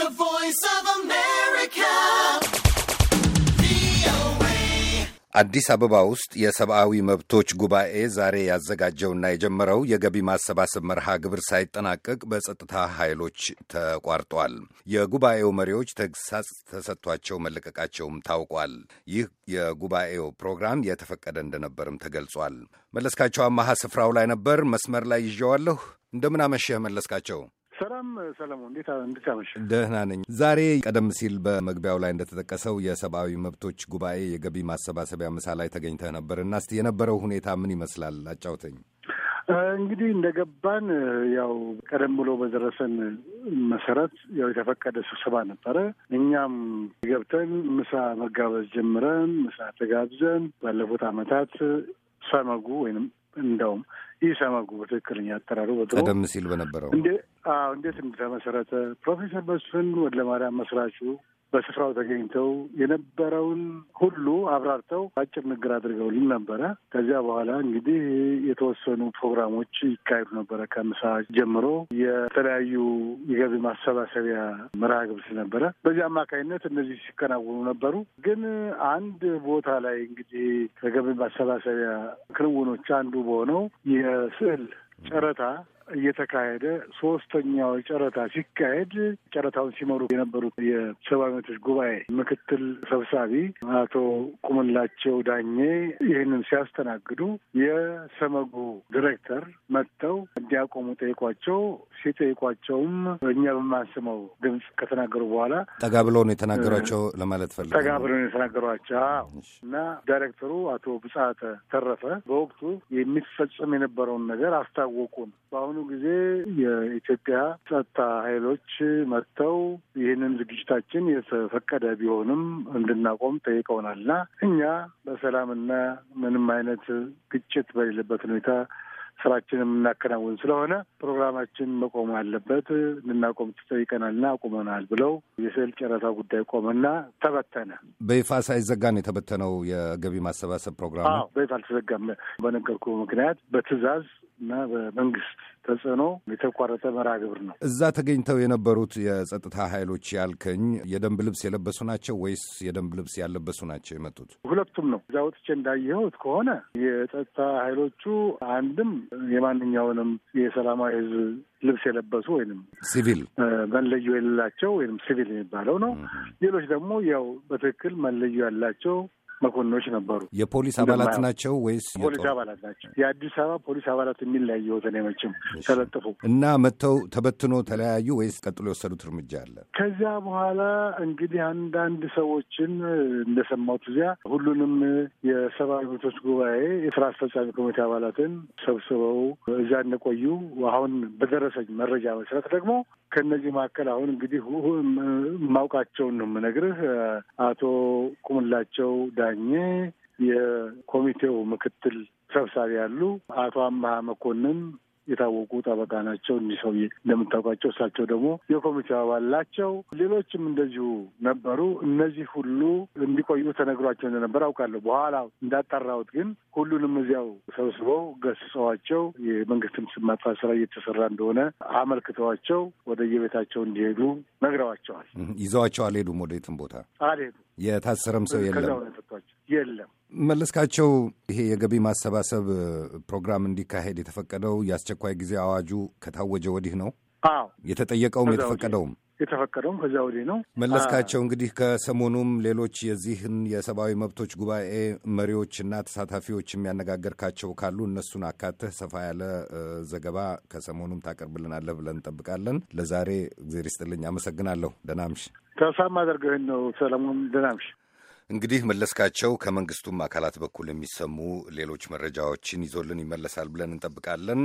The Voice of America. አዲስ አበባ ውስጥ የሰብአዊ መብቶች ጉባኤ ዛሬ ያዘጋጀውና የጀመረው የገቢ ማሰባሰብ መርሃ ግብር ሳይጠናቀቅ በጸጥታ ኃይሎች ተቋርጧል። የጉባኤው መሪዎች ተግሳጽ ተሰጥቷቸው መለቀቃቸውም ታውቋል። ይህ የጉባኤው ፕሮግራም የተፈቀደ እንደነበርም ተገልጿል። መለስካቸው አማሃ ስፍራው ላይ ነበር። መስመር ላይ ይዤዋለሁ። እንደምን አመሸህ መለስካቸው? ሰላም ሰለሞን፣ እንዴት እንዴት አመሸ? ደህና ነኝ። ዛሬ ቀደም ሲል በመግቢያው ላይ እንደተጠቀሰው የሰብአዊ መብቶች ጉባኤ የገቢ ማሰባሰቢያ ምሳ ላይ ተገኝተህ ነበር እና እስቲ የነበረው ሁኔታ ምን ይመስላል አጫውተኝ። እንግዲህ እንደገባን ያው ቀደም ብሎ በደረሰን መሰረት ያው የተፈቀደ ስብሰባ ነበረ። እኛም ገብተን ምሳ መጋበዝ ጀምረን ምሳ ተጋብዘን ባለፉት አመታት ሰመጉ ወይንም እንደውም ኢሰመጉ በትክክለኛ አጠራሩ በጥሩ ቀደም ሲል በነበረው እንዴት እንደተመሰረተ ፕሮፌሰር መስፍን ወልደማርያም መስራቹ በስፍራው ተገኝተው የነበረውን ሁሉ አብራርተው አጭር ንግር አድርገውልን ነበረ። ከዚያ በኋላ እንግዲህ የተወሰኑ ፕሮግራሞች ይካሄዱ ነበረ። ከምሳ ጀምሮ የተለያዩ የገቢ ማሰባሰቢያ መርሃ ግብር ነበረ። በዚህ አማካኝነት እነዚህ ሲከናወኑ ነበሩ። ግን አንድ ቦታ ላይ እንግዲህ ከገቢ ማሰባሰቢያ ክንውኖች አንዱ በሆነው የስዕል ጨረታ እየተካሄደ ሶስተኛው ጨረታ ሲካሄድ ጨረታውን ሲመሩ የነበሩት የሰብአዊ መብቶች ጉባኤ ምክትል ሰብሳቢ አቶ ቁምላቸው ዳኜ ይህንን ሲያስተናግዱ የሰመጉ ዲሬክተር መጥተው እንዲያቆሙ ጠይቋቸው ሲጠይቋቸውም እኛ በማንስመው ድምፅ ከተናገሩ በኋላ ጠጋ ብለው ነው የተናገሯቸው ለማለት ፈልገ ጠጋ ብለው ነው የተናገሯቸው እና ዳይሬክተሩ አቶ ብጻተ ተረፈ በወቅቱ የሚፈጸም የነበረውን ነገር አስታወቁን በአሁኑ በአሁኑ ጊዜ የኢትዮጵያ ጸጥታ ኃይሎች መጥተው ይህንን ዝግጅታችን የተፈቀደ ቢሆንም እንድናቆም ጠይቀውናል እኛ በሰላምና ምንም አይነት ግጭት በሌለበት ሁኔታ ስራችን የምናከናውን ስለሆነ ፕሮግራማችን መቆም አለበት፣ እንድናቆም ተጠይቀናልና አቁመናል ብለው የስዕል ጨረታ ጉዳይ ቆመና ተበተነ። በይፋ ሳይዘጋ የተበተነው የገቢ ማሰባሰብ ፕሮግራም። በይፋ አልተዘጋም። በነገርኩ ምክንያት በትዕዛዝ እና በመንግስት ተጽዕኖ የተቋረጠ መርሃ ግብር ነው። እዛ ተገኝተው የነበሩት የጸጥታ ኃይሎች ያልከኝ የደንብ ልብስ የለበሱ ናቸው ወይስ የደንብ ልብስ ያለበሱ ናቸው የመጡት? ሁለቱም ነው። እዛ ወጥቼ እንዳየሁት ከሆነ የጸጥታ ኃይሎቹ አንድም የማንኛውንም የሰላማዊ ህዝብ ልብስ የለበሱ ወይም ሲቪል መለዮ የሌላቸው ወይም ሲቪል የሚባለው ነው። ሌሎች ደግሞ ያው በትክክል መለዮ ያላቸው መኮንኖች ነበሩ። የፖሊስ አባላት ናቸው ወይስ ፖሊስ አባላት ናቸው? የአዲስ አበባ ፖሊስ አባላት የሚል ላይ የወተን መቼም ተለጥፉ እና መጥተው ተበትኖ ተለያዩ ወይስ ቀጥሎ የወሰዱት እርምጃ አለ? ከዚያ በኋላ እንግዲህ አንዳንድ ሰዎችን እንደሰማሁት እዚያ ሁሉንም የሰብአዊ መብቶች ጉባኤ የስራ አስፈጻሚ ኮሚቴ አባላትን ሰብስበው እዚያ እንደቆዩ አሁን በደረሰኝ መረጃ መሰረት ደግሞ ከእነዚህ መካከል አሁን እንግዲህ ማውቃቸውን ነው የምነግርህ አቶ ቁምላቸው ዳ ዳኜ የኮሚቴው ምክትል ሰብሳቢ ያሉ አቶ አመሀ መኮንን የታወቁ ጠበቃ ናቸው። እኒህ ሰው እንደምታውቋቸው እሳቸው ደግሞ የኮሚቴው አባል ናቸው። ሌሎችም እንደዚሁ ነበሩ። እነዚህ ሁሉ እንዲቆዩ ተነግሯቸው እንደነበር አውቃለሁ። በኋላ እንዳጠራሁት ግን ሁሉንም እዚያው ሰብስበው ገስጸዋቸው የመንግስትም ስም ማጥፋት ስራ እየተሰራ እንደሆነ አመልክተዋቸው ወደ የቤታቸው እንዲሄዱ ነግረዋቸዋል። ይዘዋቸው አልሄዱም፣ ወደ የትም ቦታ አልሄዱ። የታሰረም ሰው የለም። የለም። መለስካቸው፣ ይሄ የገቢ ማሰባሰብ ፕሮግራም እንዲካሄድ የተፈቀደው የአስቸኳይ ጊዜ አዋጁ ከታወጀ ወዲህ ነው? አዎ። የተጠየቀውም የተፈቀደውም የተፈቀደውም ከዚያ ወዲህ ነው። መለስካቸው፣ እንግዲህ ከሰሞኑም ሌሎች የዚህን የሰብአዊ መብቶች ጉባኤ መሪዎችና ተሳታፊዎች የሚያነጋገርካቸው ካሉ እነሱን አካተህ ሰፋ ያለ ዘገባ ከሰሞኑም ታቀርብልናለህ ብለን እንጠብቃለን። ለዛሬ እግዜር ይስጥልኝ፣ አመሰግናለሁ። ደናምሽ ተሳማ አደርገህን ነው ሰለሞን፣ ደናምሽ እንግዲህ መለስካቸው ከመንግስቱም አካላት በኩል የሚሰሙ ሌሎች መረጃዎችን ይዞልን ይመለሳል ብለን እንጠብቃለን።